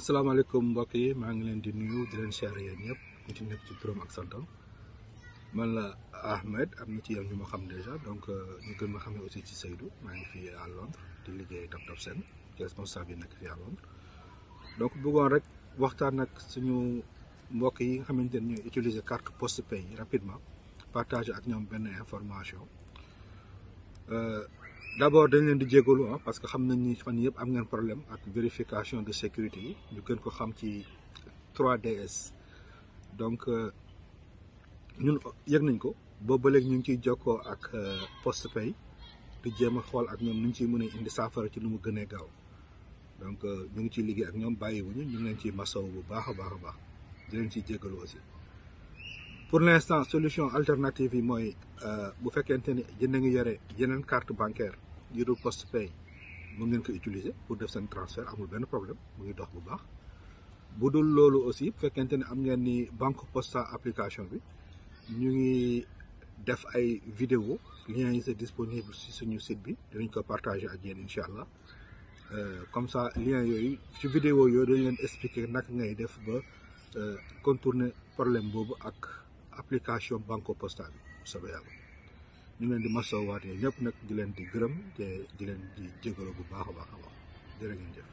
asalaamaaleykum mbokk yi maa ngi leen di nuyu di leen siyaare yéen ñëpp ñu ci nekk ci turam ak santam man la Ahmed am na ci yow ñu ma xam déjà donc euh, ñu gën ma xam ne aussi ci Seydou maa ngi fii à Londres di liggéey Top Top Sen ci responsable yi nekk fii à Londres donc bëggoon rek waxtaan nag suñu mbokk yi nga xamante ne ñooy utiliser carte Postpay yi rapidement partager ak ñoom benn information. Euh, d' abord dañ leen di jégalu ah parce que xam nañ ni fan yëpp am ngeen problème ak vérification de sécurité yi ñu gën ko xam ci 3DS donc euh, ñun yëg nañ ko boo ba léegi ñu ngi ciy jokkoo ak euh, poste pay di jéem a xool ak ñoom nu ñu ciy mën a indi saafara ci lu mu gënee gaaw donc euh, ñu ngi ciy liggéey ak ñoom bàyyi bàyyiwuñu ñu ngi leen ciy masaw bu baax a baax a baax di leen ciy jégalu aussi. pour l' instant solution alternative yi mooy euh, bu fekkente ni yéen ngi yore yeneen carte bancaire yu dul poste pay mën ngeen ko utiliser pour def seen transfert amul benn problème mu ngi dox bu baax bu dul loolu aussi bu fekkente ne am ngeen ni banque posta application bi ñu ngi def ay vidéo liens yi c'est disponible si suñu site bi dinañ ko partager ak yéen incha allah euh, comme ça lien yooyu ci vidéo yooyu dañ leen expliquer naka ngay def ba euh, contourner problème boobu ak application banco posta bi bu soobee ñu leen di masoowaat ñëpp nag di leen di gërëm te di leen di jégalu bu baax a baax a baax jërë ngeen